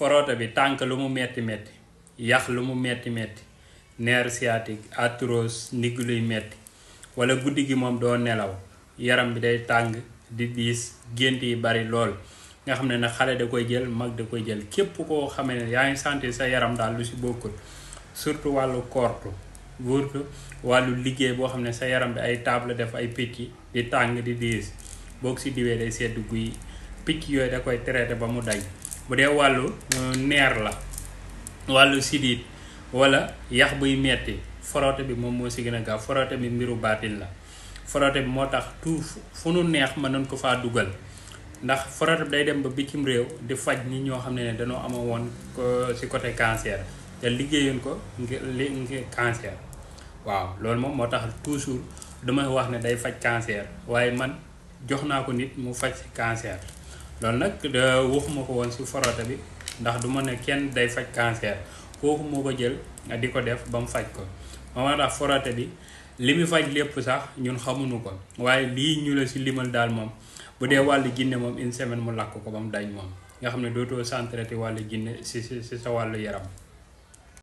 foroote bi tànk lu mu metti metti yax lu mu metti metti nerf sciatique arthrose ndigg luy metti wala guddi gi moom doo nelaw yaram bi day tàng di diis gént yi bari lool nga xam ne na xale da koy jël mag da koy jël képp koo xam ne yaa ngi sante sa yaram daal lu si bokkul surtout wàllu kortu wàllu liggéey boo xam ne sa yaram bi ay table def ay picc di tàng di diis boo ko ci diwee day sedd guy picc yooyu da koy traité ba mu daj bu dee wàllu euh, neer la wàllu sidit wala yax buy metti forote bi moom moo si gën a gaaw forote bi mbiru baatin la forote bi moo tax tout fu nu neex mën nañ ko faa dugal ndax forote bi day dem ba bitim réew di faj nit ñoo xam ne ne dañoo ama woon si euh, côté cancer te liggéeyoon ko ngir waaw loolu moom moo tax toujours damay wax ne day faj cancer waaye man jox naa ko nit mu faj si cancer loolu nag euh, waxuma ko woon si farata bi ndax du ma ne kenn day faj cancer kooku moo ko jël di ko def ba mu faj ko moo tax farata bi li mu faj lépp sax ñun xamuñu ko waaye lii ñu la si limal daal moom bu dee wàll ginne moom une semaine mu làkk ko ba mu dañ moom nga xam ne dootoo centrati wàllu jinne si si sa wàllu yaram